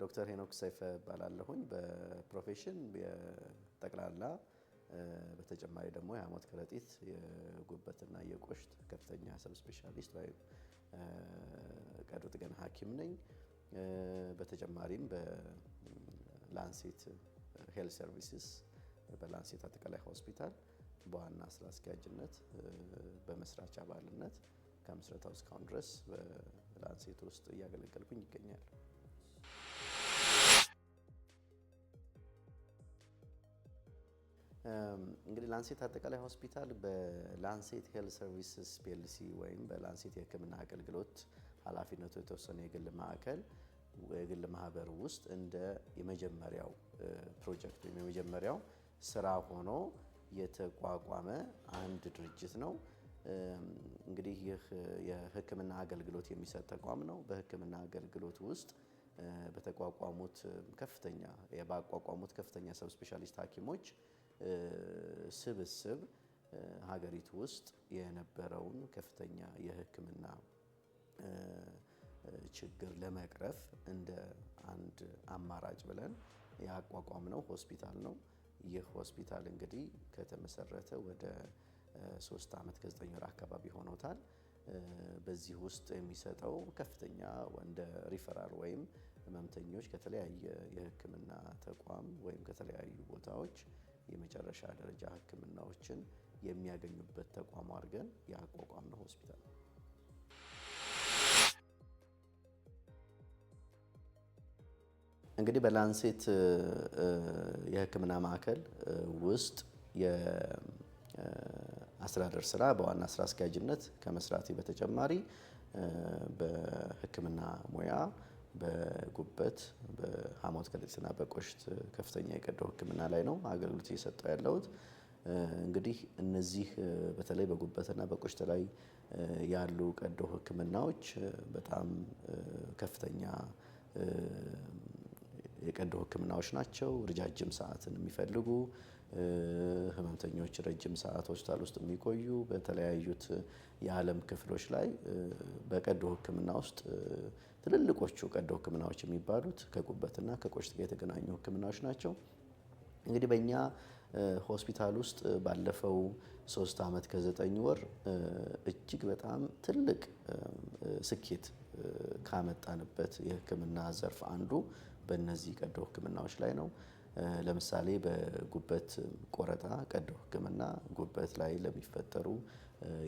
ዶክተር ሄኖክ ሰይፈ እባላለሁኝ በፕሮፌሽን የጠቅላላ በተጨማሪ ደግሞ የሐሞት ከረጢት የጉበትና የቆሽት ከፍተኛ ሰብ ስፔሻሊስት ወይም ቀዶ ጥገና ሐኪም ነኝ። በተጨማሪም በላንሴት ሄልት ሰርቪስስ በላንሴት አጠቃላይ ሆስፒታል በዋና ስራ አስኪያጅነት በመስራች አባልነት ከምስረታው እስካሁን ድረስ በላንሴት ውስጥ እያገለገልኩኝ ይገኛል። እንግዲህ ላንሴት አጠቃላይ ሆስፒታል በላንሴት ሄል ሰርቪስስ ፒኤልሲ ወይም በላንሴት የሕክምና አገልግሎት ኃላፊነቱ የተወሰነ የግል ማዕከል የግል ማህበር ውስጥ እንደ የመጀመሪያው ፕሮጀክት ወይም የመጀመሪያው ስራ ሆኖ የተቋቋመ አንድ ድርጅት ነው። እንግዲህ ይህ የሕክምና አገልግሎት የሚሰጥ ተቋም ነው። በሕክምና አገልግሎት ውስጥ በተቋቋሙት ከፍተኛ ባቋቋሙት ከፍተኛ ሰብስፔሻሊስት ሐኪሞች ስብስብ ሀገሪቱ ውስጥ የነበረውን ከፍተኛ የሕክምና ችግር ለመቅረፍ እንደ አንድ አማራጭ ብለን ያቋቋምነው ሆስፒታል ነው። ይህ ሆስፒታል እንግዲህ ከተመሰረተ ወደ ሶስት ዓመት ከዘጠኝ ወር አካባቢ ሆኖታል። በዚህ ውስጥ የሚሰጠው ከፍተኛ እንደ ሪፈራል ወይም ህመምተኞች ከተለያየ የህክምና ተቋም ወይም ከተለያዩ ቦታዎች የመጨረሻ ደረጃ ህክምናዎችን የሚያገኙበት ተቋም አድርገን ያቋቋምነው ሆስፒታል ነው። እንግዲህ በላንሴት የህክምና ማዕከል ውስጥ የአስተዳደር ስራ በዋና ስራ አስኪያጅነት ከመስራቴ በተጨማሪ በህክምና ሙያ በጉበት በሐሞት ከለሊትና በቆሽት ከፍተኛ የቀዶ ሕክምና ላይ ነው አገልግሎት እየሰጠው ያለሁት። እንግዲህ እነዚህ በተለይ በጉበትና በቆሽት ላይ ያሉ ቀዶ ሕክምናዎች በጣም ከፍተኛ የቀዶ ሕክምናዎች ናቸው። ረጃጅም ሰዓትን የሚፈልጉ ህመምተኞች ረጅም ሰዓት ሆስፒታል ውስጥ የሚቆዩ በተለያዩት የዓለም ክፍሎች ላይ በቀዶ ሕክምና ውስጥ ትልልቆቹ ቀዶ ህክምናዎች የሚባሉት ከጉበትና ከቆሽት ጋር የተገናኙ ህክምናዎች ናቸው። እንግዲህ በእኛ ሆስፒታል ውስጥ ባለፈው ሶስት ዓመት ከዘጠኝ ወር እጅግ በጣም ትልቅ ስኬት ካመጣንበት የህክምና ዘርፍ አንዱ በእነዚህ ቀዶ ህክምናዎች ላይ ነው። ለምሳሌ በጉበት ቆረጣ ቀዶ ህክምና ጉበት ላይ ለሚፈጠሩ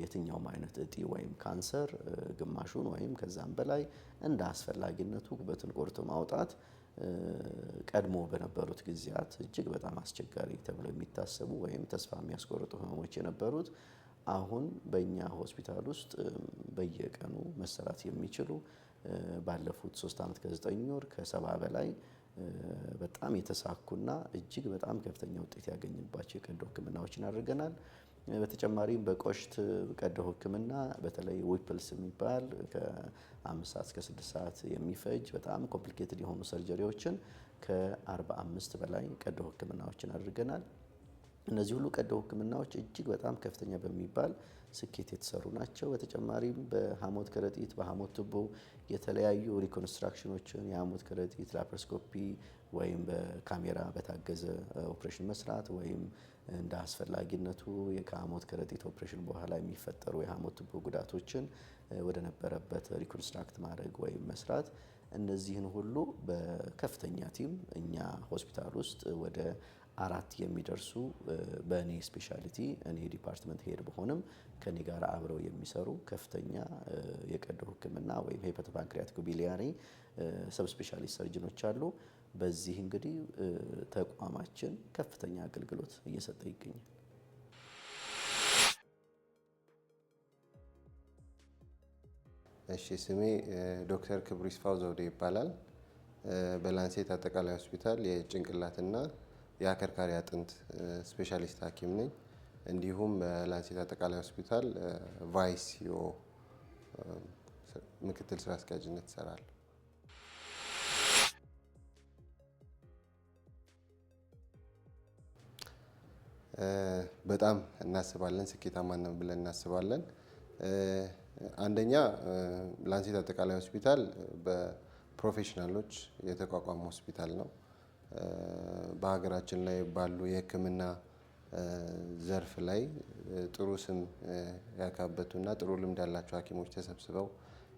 የትኛውም አይነት እጢ ወይም ካንሰር ግማሹን ወይም ከዛም በላይ እንደ አስፈላጊነቱ ጉበትን ቆርጦ ማውጣት ቀድሞ በነበሩት ጊዜያት እጅግ በጣም አስቸጋሪ ተብለው የሚታሰቡ ወይም ተስፋ የሚያስቆርጡ ህመሞች የነበሩት አሁን በእኛ ሆስፒታል ውስጥ በየቀኑ መሰራት የሚችሉ ባለፉት ሶስት ዓመት ከዘጠኝ ወር ከሰባ በላይ በጣም የተሳኩና እጅግ በጣም ከፍተኛ ውጤት ያገኝባቸው የቀዶ ህክምናዎችን አድርገናል። በተጨማሪም በቆሽት ቀዶ ህክምና በተለይ ዊፕልስ የሚባል ከአምስት ሰዓት እስከ ስድስት ሰዓት የሚፈጅ በጣም ኮምፕሊኬትድ የሆኑ ሰርጀሪዎችን ከአርባ አምስት በላይ ቀዶ ህክምናዎችን አድርገናል። እነዚህ ሁሉ ቀዶ ህክምናዎች እጅግ በጣም ከፍተኛ በሚባል ስኬት የተሰሩ ናቸው። በተጨማሪም በሐሞት ከረጢት፣ በሐሞት ቱቦ የተለያዩ ሪኮንስትራክሽኖችን የሐሞት ከረጢት ላፕሮስኮፒ ወይም በካሜራ በታገዘ ኦፕሬሽን መስራት ወይም እንደ አስፈላጊነቱ ከሐሞት ከረጢት ኦፕሬሽን በኋላ የሚፈጠሩ የሐሞት ቱቦ ጉዳቶችን ወደ ነበረበት ሪኮንስትራክት ማድረግ ወይም መስራት እነዚህን ሁሉ በከፍተኛ ቲም እኛ ሆስፒታል ውስጥ ወደ አራት የሚደርሱ በእኔ ስፔሻሊቲ እኔ ዲፓርትመንት ሄድ በሆንም ከኔ ጋር አብረው የሚሰሩ ከፍተኛ የቀዶ ሕክምና ወይም ሄፐቶፓንክሪያቲክ ቢሊያሪ ሰብስፔሻሊስት ሰርጅኖች አሉ። በዚህ እንግዲህ ተቋማችን ከፍተኛ አገልግሎት እየሰጠ ይገኛል። እሺ፣ ስሜ ዶክተር ክብሩ ይስፋው ዘውዴ ይባላል። በላንሴት አጠቃላይ ሆስፒታል የጭንቅላትና የአከርካሪ አጥንት ስፔሻሊስት ሐኪም ነኝ። እንዲሁም በላንሴት አጠቃላይ ሆስፒታል ቫይሲዮ ምክትል ስራ አስኪያጅነት እሰራለሁ። በጣም እናስባለን ስኬታማ ነን ብለን እናስባለን። አንደኛ ላንሴት አጠቃላይ ሆስፒታል በፕሮፌሽናሎች የተቋቋመ ሆስፒታል ነው። በሀገራችን ላይ ባሉ የህክምና ዘርፍ ላይ ጥሩ ስም ያካበቱና ጥሩ ልምድ ያላቸው ሐኪሞች ተሰብስበው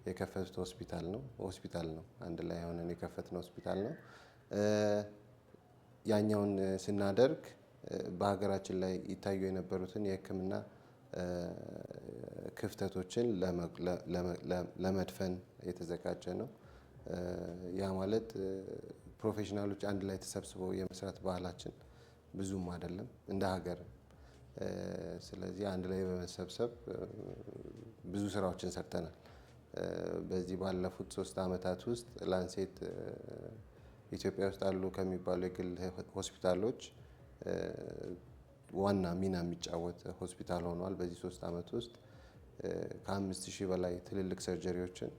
የከፈቱት ሆስፒታል ነው ሆስፒታል ነው አንድ ላይ የሆነን የከፈትን ሆስፒታል ነው። ያኛውን ስናደርግ በሀገራችን ላይ ይታዩ የነበሩትን የሕክምና ክፍተቶችን ለመድፈን የተዘጋጀ ነው። ያ ማለት ፕሮፌሽናሎች አንድ ላይ ተሰብስበው የመስራት ባህላችን ብዙም አይደለም እንደ ሀገር። ስለዚህ አንድ ላይ በመሰብሰብ ብዙ ስራዎችን ሰርተናል። በዚህ ባለፉት ሶስት ዓመታት ውስጥ ላንሴት ኢትዮጵያ ውስጥ አሉ ከሚባሉ የግል ሆስፒታሎች ዋና ሚና የሚጫወት ሆስፒታል ሆኗል። በዚህ ሶስት ዓመት ውስጥ ከአምስት ሺህ በላይ ትልልቅ ሰርጀሪዎችን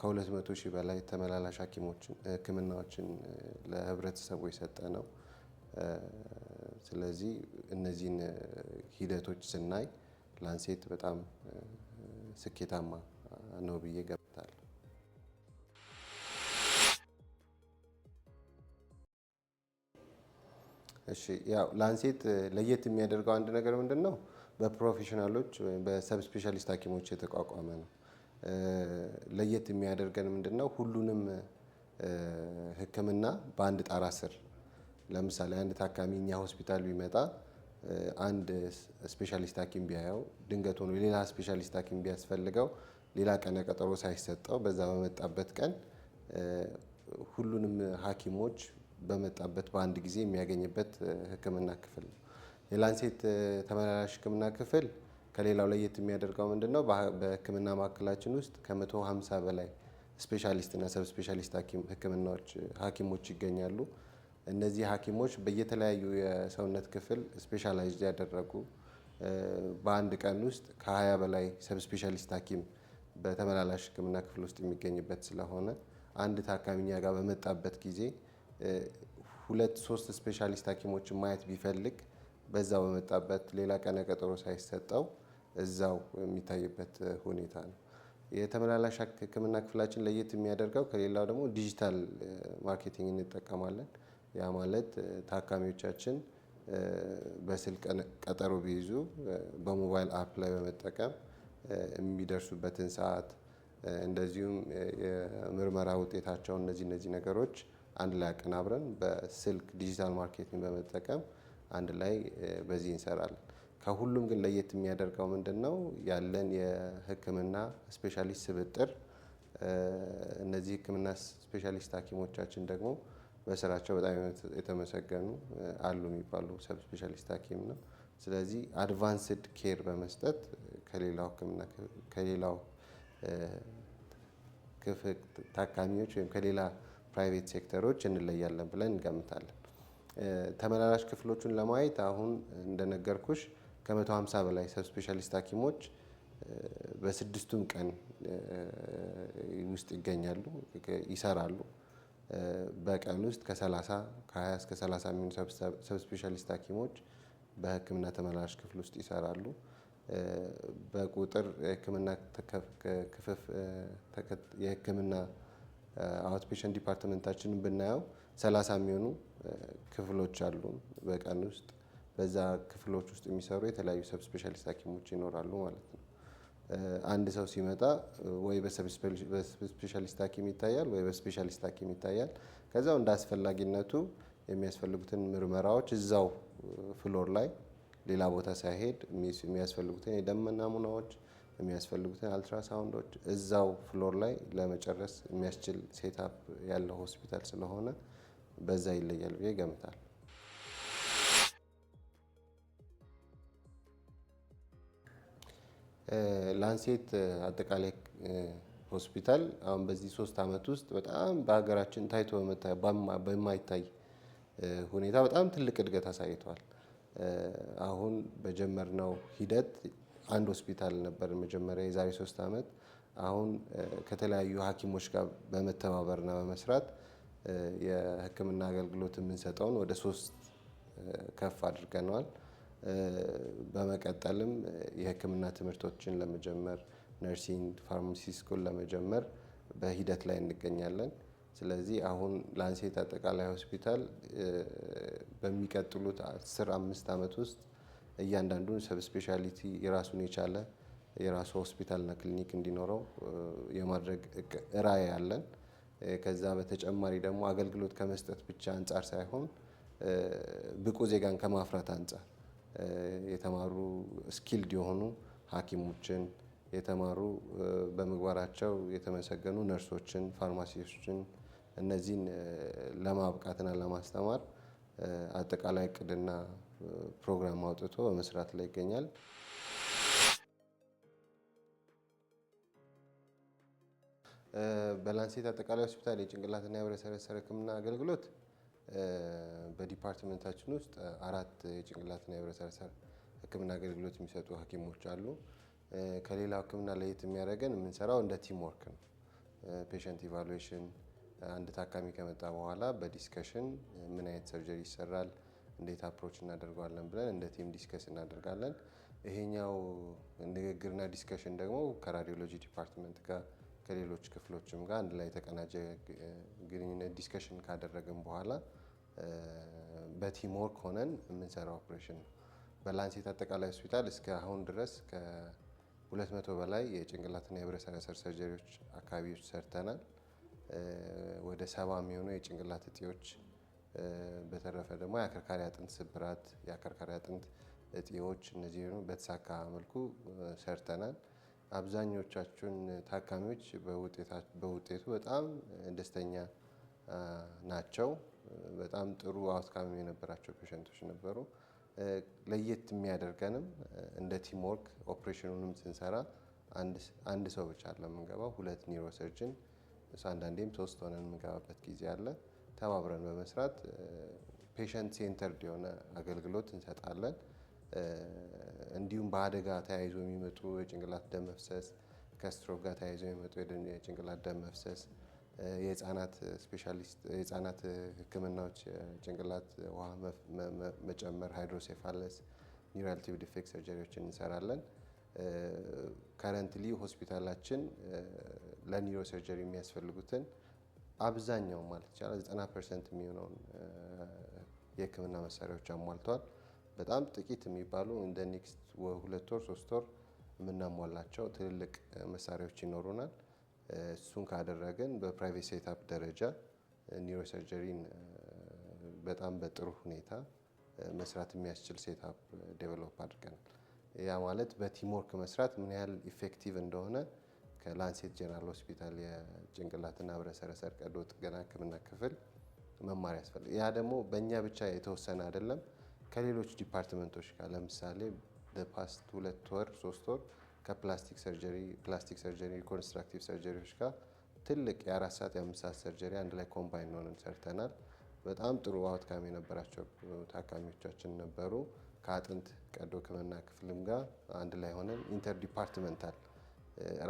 ከሁለት መቶ ሺህ በላይ ተመላላሽ ሐኪሞችን ሕክምናዎችን ለህብረተሰቡ የሰጠ ነው። ስለዚህ እነዚህን ሂደቶች ስናይ ላንሴት በጣም ስኬታማ ነው ብዬ ገባ እሺ ያው ላንሴት ለየት የሚያደርገው አንድ ነገር ምንድን ነው? በፕሮፌሽናሎች ወይም ስፔሻሊስት ሐኪሞች የተቋቋመ ነው። ለየት የሚያደርገን ምንድን ነው? ሁሉንም ሕክምና በአንድ ጣራ ስር ለምሳሌ አንድ ታካሚ እኛ ሆስፒታል ቢመጣ አንድ ስፔሻሊስት ሐኪም ቢያየው ድንገት ሆኖ ሌላ ስፔሻሊስት ሐኪም ቢያስፈልገው ሌላ ቀነ ቀጠሮ ሳይሰጠው በዛ በመጣበት ቀን ሁሉንም ሐኪሞች በመጣበት በአንድ ጊዜ የሚያገኝበት ህክምና ክፍል ነው። የላንሴት ተመላላሽ ህክምና ክፍል ከሌላው ለየት የሚያደርገው ምንድን ነው? በህክምና ማዕከላችን ውስጥ ከ150 በላይ ስፔሻሊስት እና ሰብ ስፔሻሊስት ህክምናዎች ሐኪሞች ይገኛሉ። እነዚህ ሐኪሞች በየተለያዩ የሰውነት ክፍል ስፔሻላይዝድ ያደረጉ በአንድ ቀን ውስጥ ከ20 በላይ ሰብ ስፔሻሊስት ሐኪም በተመላላሽ ህክምና ክፍል ውስጥ የሚገኝበት ስለሆነ አንድ ታካሚኛ ጋር በመጣበት ጊዜ ሁለት ሶስት ስፔሻሊስት ሐኪሞችን ማየት ቢፈልግ በዛው በመጣበት ሌላ ቀነ ቀጠሮ ሳይሰጠው እዛው የሚታይበት ሁኔታ ነው። የተመላላሽ ሕክምና ክፍላችን ለየት የሚያደርገው ከሌላው ደግሞ ዲጂታል ማርኬቲንግ እንጠቀማለን። ያ ማለት ታካሚዎቻችን በስልክ ቀጠሮ ቢይዙ በሞባይል አፕ ላይ በመጠቀም የሚደርሱበትን ሰዓት እንደዚሁም የምርመራ ውጤታቸውን እነዚህ እነዚህ ነገሮች አንድ ላይ አቀናብረን በስልክ ዲጂታል ማርኬቲንግ በመጠቀም አንድ ላይ በዚህ እንሰራለን። ከሁሉም ግን ለየት የሚያደርገው ምንድን ነው ያለን የህክምና ስፔሻሊስት ስብጥር። እነዚህ ህክምና ስፔሻሊስት ሐኪሞቻችን ደግሞ በስራቸው በጣም የተመሰገኑ አሉ የሚባሉ ሰብ ስፔሻሊስት ሐኪም ነው። ስለዚህ አድቫንስድ ኬር በመስጠት ከሌላው ሕክምና ከሌላው ክፍል ታካሚዎች ወይም ከሌላ ፕራይቬት ሴክተሮች እንለያለን ብለን እንገምታለን። ተመላላሽ ክፍሎቹን ለማየት አሁን እንደነገርኩሽ ከ150 በላይ ሰብስፔሻሊስት ሀኪሞች ሐኪሞች በስድስቱም ቀን ውስጥ ይገኛሉ፣ ይሰራሉ። በቀን ውስጥ ከ30 ከ20 እስከ 30 የሚሆኑ ሰብስፔሻሊስት ሐኪሞች በህክምና ተመላላሽ ክፍል ውስጥ ይሰራሉ። በቁጥር የህክምና አውትፔሽንት ዲፓርትመንታችንን ብናየው ሰላሳ የሚሆኑ ክፍሎች አሉ በቀን ውስጥ በዛ ክፍሎች ውስጥ የሚሰሩ የተለያዩ ሰብ ስፔሻሊስት ሐኪሞች ይኖራሉ ማለት ነው። አንድ ሰው ሲመጣ ወይ በስፔሻሊስት ሐኪም ይታያል ወይ በስፔሻሊስት ሐኪም ይታያል። ከዛው እንደ አስፈላጊነቱ የሚያስፈልጉትን ምርመራዎች እዛው ፍሎር ላይ ሌላ ቦታ ሳይሄድ የሚያስፈልጉትን የደም ናሙናዎች የሚያስፈልጉትን አልትራሳውንዶች እዛው ፍሎር ላይ ለመጨረስ የሚያስችል ሴታፕ ያለው ሆስፒታል ስለሆነ በዛ ይለያል ብዬ ገምታል። ላንሴት አጠቃላይ ሆስፒታል አሁን በዚህ ሶስት ዓመት ውስጥ በጣም በሀገራችን ታይቶ በማይታይ ሁኔታ በጣም ትልቅ እድገት አሳይቷል። አሁን በጀመርነው ሂደት አንድ ሆስፒታል ነበር መጀመሪያ የዛሬ ሶስት ዓመት። አሁን ከተለያዩ ሐኪሞች ጋር በመተባበርና በመስራት የሕክምና አገልግሎት የምንሰጠውን ወደ ሶስት ከፍ አድርገነዋል። በመቀጠልም የሕክምና ትምህርቶችን ለመጀመር ነርሲንግ፣ ፋርማሲ ስኩል ለመጀመር በሂደት ላይ እንገኛለን። ስለዚህ አሁን ላንሴት አጠቃላይ ሆስፒታል በሚቀጥሉት አስር አምስት ዓመት ውስጥ እያንዳንዱን ሰብ ስፔሻሊቲ የራሱን የቻለ የራሱ ሆስፒታልና ክሊኒክ እንዲኖረው የማድረግ ራዕይ አለን። ከዛ በተጨማሪ ደግሞ አገልግሎት ከመስጠት ብቻ አንጻር ሳይሆን ብቁ ዜጋን ከማፍራት አንጻር የተማሩ ስኪልድ የሆኑ ሐኪሞችን የተማሩ በምግባራቸው የተመሰገኑ ነርሶችን፣ ፋርማሲስቶችን እነዚህን ለማብቃትና ለማስተማር አጠቃላይ እቅድና ፕሮግራም አውጥቶ በመስራት ላይ ይገኛል። በላንሴት አጠቃላይ ሆስፒታል የጭንቅላትና የህብለ ህክምና አገልግሎት በዲፓርትመንታችን ውስጥ አራት የጭንቅላትና የህብለ ህክምና አገልግሎት የሚሰጡ ሐኪሞች አሉ። ከሌላው ህክምና ለየት የሚያደርገን የምንሰራው እንደ ቲምወርክ ነው። ፔሸንት ኢቫሉዌሽን፣ አንድ ታካሚ ከመጣ በኋላ በዲስከሽን ምን አይነት ሰርጀሪ ይሰራል እንዴት አፕሮች እናደርገዋለን ብለን እንደ ቲም ዲስከስ እናደርጋለን። ይሄኛው ንግግርና ዲስከሽን ደግሞ ከራዲዮሎጂ ዲፓርትመንት ጋር ከሌሎች ክፍሎችም ጋር አንድ ላይ የተቀናጀ ግንኙነት ዲስከሽን ካደረግን በኋላ በቲም ወርክ ሆነን የምንሰራው ኦፕሬሽን ነው። በላንሴት አጠቃላይ ሆስፒታል እስከ አሁን ድረስ ከ200 በላይ የጭንቅላትና የህብረ ሰር ሰርጀሪዎች አካባቢዎች ሰርተናል። ወደ ሰባ የሚሆኑ የጭንቅላት እጢዎች በተረፈ ደግሞ የአከርካሪ አጥንት ስብራት፣ የአከርካሪ አጥንት እጢዎች፣ እነዚህ በተሳካ መልኩ ሰርተናል። አብዛኞቻችን ታካሚዎች በውጤቱ በጣም ደስተኛ ናቸው። በጣም ጥሩ አውትካም የነበራቸው ፔሸንቶች ነበሩ። ለየት የሚያደርገንም እንደ ቲምወርክ ኦፕሬሽኑንም ስንሰራ አንድ ሰው ብቻ አለ የምንገባው፣ ሁለት ኒውሮ ሰርጅን አንዳንዴም ሶስት ሆነን የምንገባበት ጊዜ አለ። ተባብረን በመስራት ፔሸንት ሴንተርድ የሆነ አገልግሎት እንሰጣለን። እንዲሁም በአደጋ ተያይዞ የሚመጡ የጭንቅላት ደም መፍሰስ፣ ከስትሮክ ጋር ተያይዞ የሚመጡ የጭንቅላት ደም መፍሰስ፣ የህፃናት ስፔሻሊስት የህፃናት ህክምናዎች፣ ጭንቅላት ውሃ መጨመር፣ ሃይድሮሴፋለስ፣ ኒውራል ዲፌክት ሰርጀሪዎችን እንሰራለን። ከረንትሊ ሆስፒታላችን ለኒውሮ ሰርጀሪ የሚያስፈልጉትን አብዛኛው ማለት ይቻላል 90 ፐርሰንት የሚሆነውን የህክምና መሳሪያዎች አሟልተዋል። በጣም ጥቂት የሚባሉ እንደ ኔክስት ሁለት ወር ሶስት ወር የምናሟላቸው ትልልቅ መሳሪያዎች ይኖሩናል። እሱን ካደረግን በፕራይቬት ሴታፕ ደረጃ ኒውሮሰርጀሪን በጣም በጥሩ ሁኔታ መስራት የሚያስችል ሴታፕ ዴቨሎፕ አድርገናል። ያ ማለት በቲምወርክ መስራት ምን ያህል ኢፌክቲቭ እንደሆነ ከላንሴት ጀነራል ሆስፒታል የጭንቅላትና ህብለ ቀዶ ጥገና ህክምና ክፍል መማር ያስፈልጋል። ያ ደግሞ በእኛ ብቻ የተወሰነ አይደለም። ከሌሎች ዲፓርትመንቶች ጋር ለምሳሌ ፓስት ሁለት ወር ሶስት ወር ከፕላስቲክ ሰርጀሪ፣ ፕላስቲክ ሰርጀሪ፣ ኮንስትራክቲቭ ሰርጀሪዎች ጋር ትልቅ የአራት ሰዓት የአምስት ሰዓት ሰርጀሪ አንድ ላይ ኮምባይን ሆነን ሰርተናል። በጣም ጥሩ አውትካም የነበራቸው ታካሚዎቻችን ነበሩ። ከአጥንት ቀዶ ህክምና ክፍልም ጋር አንድ ላይ ሆነን ኢንተርዲፓርትመንታል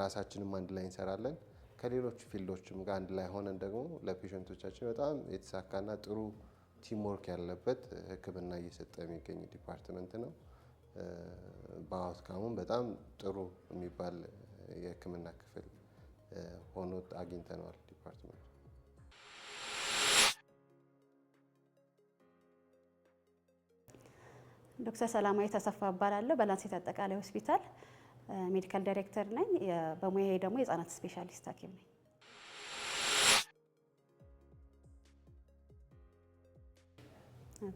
ራሳችንም አንድ ላይ እንሰራለን። ከሌሎች ፊልዶችም ጋር አንድ ላይ ሆነን ደግሞ ለፔሸንቶቻችን በጣም የተሳካና ጥሩ ቲምወርክ ያለበት ሕክምና እየሰጠ የሚገኝ ዲፓርትመንት ነው። በአውትካሙም በጣም ጥሩ የሚባል የሕክምና ክፍል ሆኖ አግኝተነዋል ዲፓርትመንቱ። ዶክተር ሰላማዊ ተሰፋ እባላለሁ በላንሴት አጠቃላይ ሆስፒታል ሜዲካል ዳይሬክተር ነኝ። በሙያዬ ደግሞ የህፃናት ስፔሻሊስት ሐኪም ነኝ።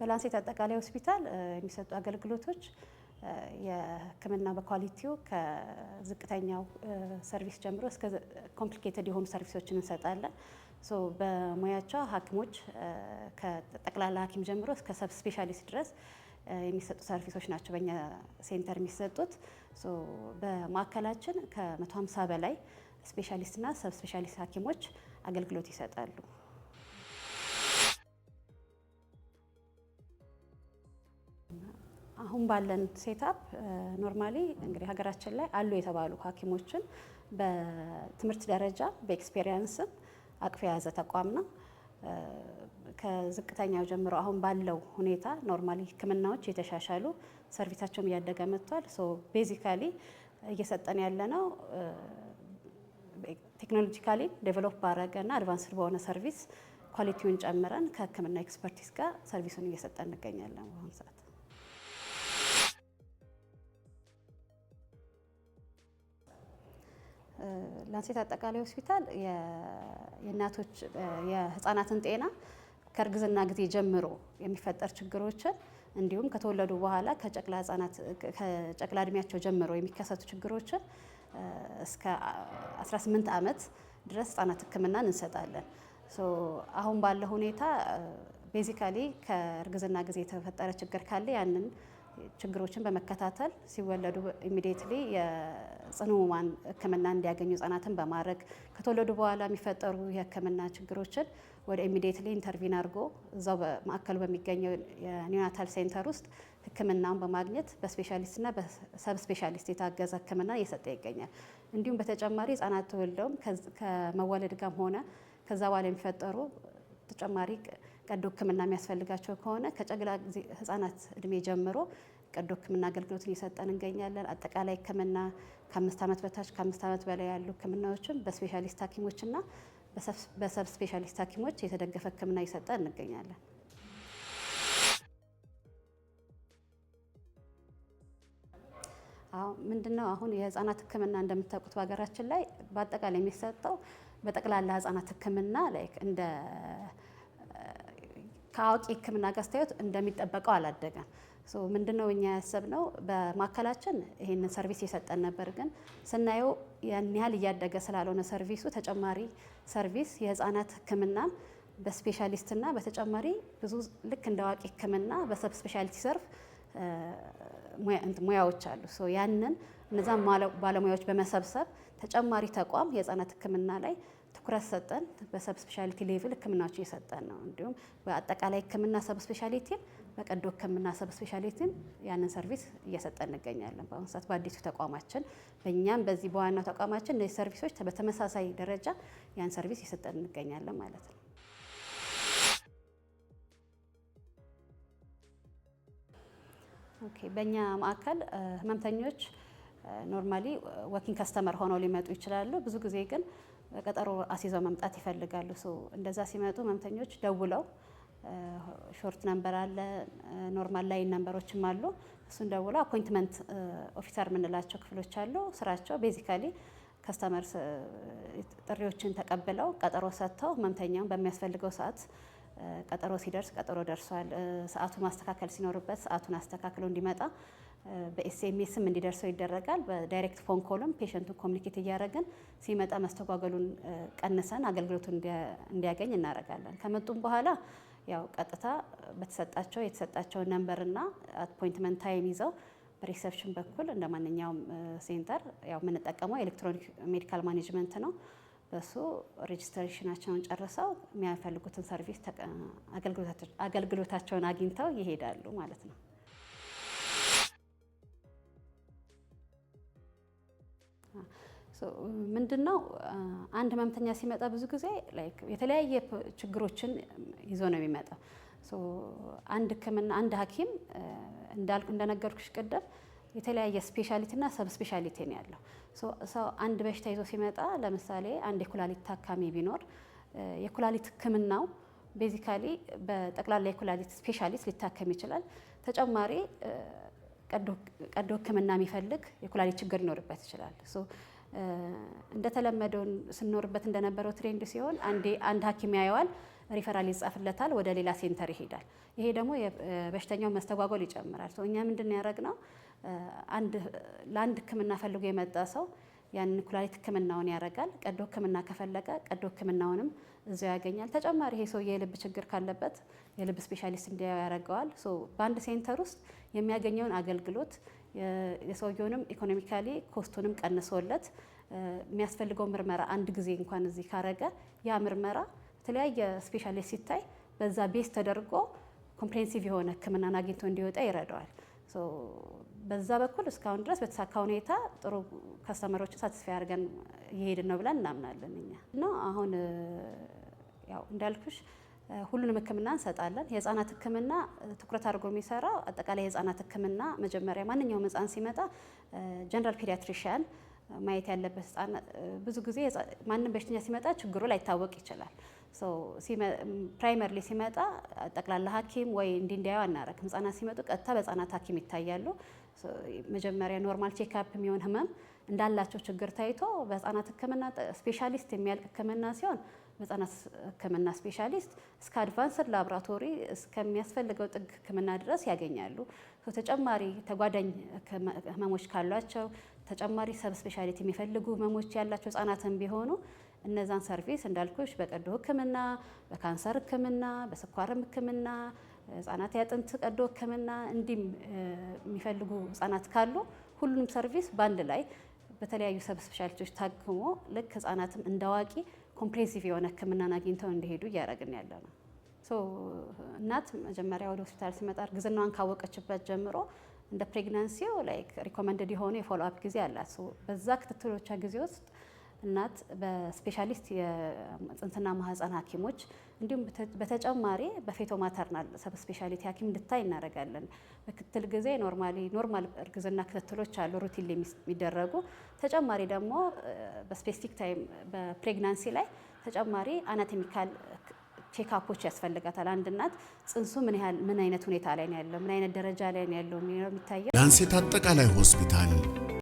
በላንሴት አጠቃላይ ሆስፒታል የሚሰጡ አገልግሎቶች የህክምና በኳሊቲው ከዝቅተኛው ሰርቪስ ጀምሮ እስከ ኮምፕሊኬትድ የሆኑ ሰርቪሶችን እንሰጣለን። በሙያቸው ሐኪሞች ከጠቅላላ ሐኪም ጀምሮ እስከ ሰብ ስፔሻሊስት ድረስ የሚሰጡ ሰርቪሶች ናቸው በእኛ ሴንተር የሚሰጡት። በማዕከላችን ከ150 በላይ ስፔሻሊስትና ሰብ ስፔሻሊስት ሐኪሞች አገልግሎት ይሰጣሉ። አሁን ባለን ሴታፕ ኖርማሊ እንግዲህ ሀገራችን ላይ አሉ የተባሉ ሐኪሞችን በትምህርት ደረጃ በኤክስፔሪንስም አቅፍ የያዘ ተቋም ነው። ከዝቅተኛው ጀምሮ አሁን ባለው ሁኔታ ኖርማሊ ህክምናዎች የተሻሻሉ ሰርቪሳቸውም እያደገ መጥቷል። ሶ ቤዚካሊ እየሰጠን ያለ ነው ቴክኖሎጂካሊ ዴቨሎፕ ባረገ እና አድቫንስድ በሆነ ሰርቪስ ኳሊቲውን ጨምረን ከህክምና ኤክስፐርቲስ ጋር ሰርቪሱን እየሰጠን እንገኛለን በአሁኑ ሰዓት። ላንሴት አጠቃላይ ሆስፒታል የእናቶች የህፃናትን ጤና ከእርግዝና ጊዜ ጀምሮ የሚፈጠር ችግሮችን እንዲሁም ከተወለዱ በኋላ ከጨቅላ ህጻናት ከጨቅላ እድሜያቸው ጀምሮ የሚከሰቱ ችግሮችን እስከ 18 ዓመት ድረስ ህጻናት ህክምናን እንሰጣለን። አሁን ባለው ሁኔታ ቤዚካሊ ከእርግዝና ጊዜ የተፈጠረ ችግር ካለ ያንን ችግሮችን በመከታተል ሲወለዱ ኢሚዲየትሊ የጽኑ ህሙማን ህክምና እንዲያገኙ ህጻናትን በማድረግ ከተወለዱ በኋላ የሚፈጠሩ የህክምና ችግሮችን ወደ ኢሚዲየትሊ ኢንተርቪን አድርጎ እዛው በማዕከሉ በሚገኘው የኒውናታል ሴንተር ውስጥ ህክምናውን በማግኘት በስፔሻሊስትና በሰብ ስፔሻሊስት የታገዘ ህክምና እየሰጠ ይገኛል። እንዲሁም በተጨማሪ ህጻናት ተወልደውም ከመወለድ ጋርም ሆነ ከዛ በኋላ የሚፈጠሩ ተጨማሪ ቀዶ ሕክምና የሚያስፈልጋቸው ከሆነ ከጨቅላ ህጻናት እድሜ ጀምሮ ቀዶ ሕክምና አገልግሎትን እየሰጠን እንገኛለን። አጠቃላይ ሕክምና ከአምስት ዓመት በታች ከአምስት ዓመት በላይ ያሉ ሕክምናዎችን በስፔሻሊስት ሐኪሞችና በሰብ ስፔሻሊስት ሐኪሞች የተደገፈ ሕክምና እየሰጠን እንገኛለን። ምንድነው አሁን የህፃናት ህክምና እንደምታውቁት በሀገራችን ላይ በአጠቃላይ የሚሰጠው በጠቅላላ ህጻናት ህክምና ላይክ እንደ ከአዋቂ ህክምና ጋር ስታዩት እንደሚጠበቀው አላደገም። ምንድነው እኛ ያሰብነው በማዕከላችን ይህንን ሰርቪስ የሰጠን ነበር፣ ግን ስናየው ያን ያህል እያደገ ስላልሆነ ሰርቪሱ ተጨማሪ ሰርቪስ የህፃናት ህክምናን በስፔሻሊስትና በተጨማሪ ብዙ ልክ እንደ አዋቂ ህክምና በሰብ ስፔሻሊቲ ሰርፍ ሙያዎች አሉ ያንን እነዛን ባለሙያዎች በመሰብሰብ ተጨማሪ ተቋም የህፃናት ህክምና ላይ ትኩረት ሰጠን በሰብስፔሻሊቲ ስፔሻሊቲ ሌቭል ህክምናቸው የሰጠን ነው። እንዲሁም በአጠቃላይ ህክምና ሰብስፔሻሊቲን በቀዶ ህክምና ሰብስፔሻሊቲን ያንን ሰርቪስ እየሰጠን እንገኛለን። በአሁኑ ሰዓት በአዲሱ ተቋማችን በእኛም በዚህ በዋናው ተቋማችን እነዚህ ሰርቪሶች በተመሳሳይ ደረጃ ያን ሰርቪስ እየሰጠን እንገኛለን ማለት ነው። ኦኬ በእኛ ማዕከል ህመምተኞች ኖርማሊ ወኪንግ ከስተመር ሆነው ሊመጡ ይችላሉ። ብዙ ጊዜ ግን ቀጠሮ አስይዘው መምጣት ይፈልጋሉ። እንደዛ ሲመጡ ህመምተኞች ደውለው ሾርት ነንበር አለ፣ ኖርማል ላይን ነንበሮችም አሉ። እሱን ደውለው አፖይንትመንት ኦፊሰር የምንላቸው ክፍሎች አሉ። ስራቸው ቤዚካሊ ከስተመር ጥሪዎችን ተቀብለው ቀጠሮ ሰጥተው ህመምተኛውን በሚያስፈልገው ሰዓት ቀጠሮ ሲደርስ ቀጠሮ ደርሷል፣ ሰዓቱ ማስተካከል ሲኖርበት ሰዓቱን አስተካክሎ እንዲመጣ በኤስኤምኤስም እንዲደርሰው ይደረጋል። በዳይሬክት ፎን ኮልም ፔሸንቱን ኮሚኒኬት እያደረግን ሲመጣ መስተጓገሉን ቀንሰን አገልግሎቱን እንዲያገኝ እናደርጋለን። ከመጡም በኋላ ያው ቀጥታ በተሰጣቸው የተሰጣቸውን ነንበርና አፖይንትመንት ታይም ይዘው በሪሰፕሽን በኩል እንደ ማንኛውም ሴንተር ያው የምንጠቀመው ኤሌክትሮኒክ ሜዲካል ማኔጅመንት ነው። በሱ ሬጅስትሬሽናቸውን ጨርሰው የሚያፈልጉትን ሰርቪስ አገልግሎታቸውን አግኝተው ይሄዳሉ ማለት ነው። ምንድን ነው አንድ ህመምተኛ ሲመጣ ብዙ ጊዜ የተለያየ ችግሮችን ይዞ ነው የሚመጣው። አንድ ህክምና አንድ ሐኪም እንዳልኩ እንደነገርኩሽ ቅድም የተለያየ ስፔሻሊቲ ሰብ ስፔሻሊቲ ነው ያለው። ሰው አንድ በሽታ ይዞ ሲመጣ ለምሳሌ አንድ የኩላሊት ታካሚ ቢኖር የኩላሊት ህክምናው ቤዚካሊ በጠቅላላ የኩላሊት ስፔሻሊስት ሊታከም ይችላል። ተጨማሪ ቀዶ ህክምና የሚፈልግ የኩላሊት ችግር ሊኖርበት ይችላል። እንደተለመደው ስንኖርበት እንደነበረው ትሬንድ ሲሆን አንድ ሐኪም ያየዋል፣ ሪፈራል ይጻፍለታል፣ ወደ ሌላ ሴንተር ይሄዳል። ይሄ ደግሞ በሽተኛው መስተጓጎል ይጨምራል። እኛ ምንድን ነው ለአንድ ሕክምና ፈልጎ የመጣ ሰው ያንን ኩላሊት ሕክምናውን ያደርጋል። ቀዶ ሕክምና ከፈለገ ቀዶ ሕክምናውንም እዚያው ያገኛል። ተጨማሪ ይሄ ሰው የልብ ችግር ካለበት የልብ ስፔሻሊስት እንዲያው ያደርገዋል። በአንድ ሴንተር ውስጥ የሚያገኘውን አገልግሎት የሰውየውንም ኢኮኖሚካሊ ኮስቱንም ቀንሶለት የሚያስፈልገው ምርመራ አንድ ጊዜ እንኳን እዚህ ካረገ ያ ምርመራ የተለያየ ስፔሻሊስት ሲታይ በዛ ቤስ ተደርጎ ኮምፕሬንሲቭ የሆነ ሕክምናን አግኝቶ እንዲወጣ ይረዳዋል። በዛ በኩል እስካሁን ድረስ በተሳካ ሁኔታ ጥሩ ከስተመሮችን ሳትስፋይ አድርገን እየሄድን ነው ብለን እናምናለን እኛ እና አሁን ያው እንዳልኩሽ ሁሉንም ህክምና እንሰጣለን። የህፃናት ህክምና ትኩረት አድርጎ የሚሰራው አጠቃላይ የህፃናት ህክምና መጀመሪያ ማንኛውም ህፃን ሲመጣ ጀነራል ፔዲያትሪሽያን ማየት ያለበት ህፃን ብዙ ጊዜ ማንም በሽተኛ ሲመጣ ችግሩ ላይታወቅ ይችላል። ፕራይመሪሊ ሲመጣ ጠቅላላ ሐኪም ወይ እንዲ እንዲያዩ አናረግ። ህጻናት ሲመጡ ቀጥታ በህጻናት ሐኪም ይታያሉ። መጀመሪያ ኖርማል ቼክአፕ የሚሆን ህመም እንዳላቸው ችግር ታይቶ በህጻናት ህክምና ስፔሻሊስት የሚያልቅ ህክምና ሲሆን በህጻናት ህክምና ስፔሻሊስት እስከ አድቫንስድ ላብራቶሪ እስከሚያስፈልገው ጥግ ህክምና ድረስ ያገኛሉ። ተጨማሪ ተጓዳኝ ህመሞች ካሏቸው ተጨማሪ ሰብ ስፔሻሊቲ የሚፈልጉ ህመሞች ያላቸው ህጻናትን ቢሆኑ እነዛን ሰርቪስ እንዳልኩሽ በቀዶ ህክምና፣ በካንሰር ህክምና፣ በስኳርም ህክምና፣ ህጻናት ያጥንት ቀዶ ህክምና እንዲም የሚፈልጉ ህጻናት ካሉ ሁሉንም ሰርቪስ በአንድ ላይ በተለያዩ ሰብ ስፔሻሊቲዎች ታክሞ ልክ ህጻናትም እንዳዋቂ ኮምፕሬንሲቭ የሆነ ህክምናን አግኝተው እንዲሄዱ እያደረግን ያለ ነው። እናት መጀመሪያ ወደ ሆስፒታል ሲመጣ እርግዝናዋን ካወቀችበት ጀምሮ እንደ ፕሬግናንሲው ላይክ ሪኮመንድድ የሆነ የፎሎአፕ ጊዜ አላት። በዛ ክትትሎቿ ጊዜ ውስጥ እናት በስፔሻሊስት የጽንስና ማህፀን ሐኪሞች እንዲሁም በተጨማሪ በፌቶ ማተርናል ሰብስፔሻሊቲ ስፔሻሊቲ ሐኪም እንድታይ እናደርጋለን። በክትትል ጊዜ ኖርማሊ ኖርማል እርግዝና ክትትሎች አሉ ሩቲን የሚደረጉ ተጨማሪ ደግሞ በስፔሲፊክ ታይም በፕሬግናንሲ ላይ ተጨማሪ አናቶሚካል ቼክአፖች ያስፈልጋታል። አንድ እናት ጽንሱ ምን ያህል ምን አይነት ሁኔታ ላይ ነው ያለው ምን አይነት ደረጃ ላይ ነው ያለው የሚታየው ላንሴት አጠቃላይ ሆስፒታል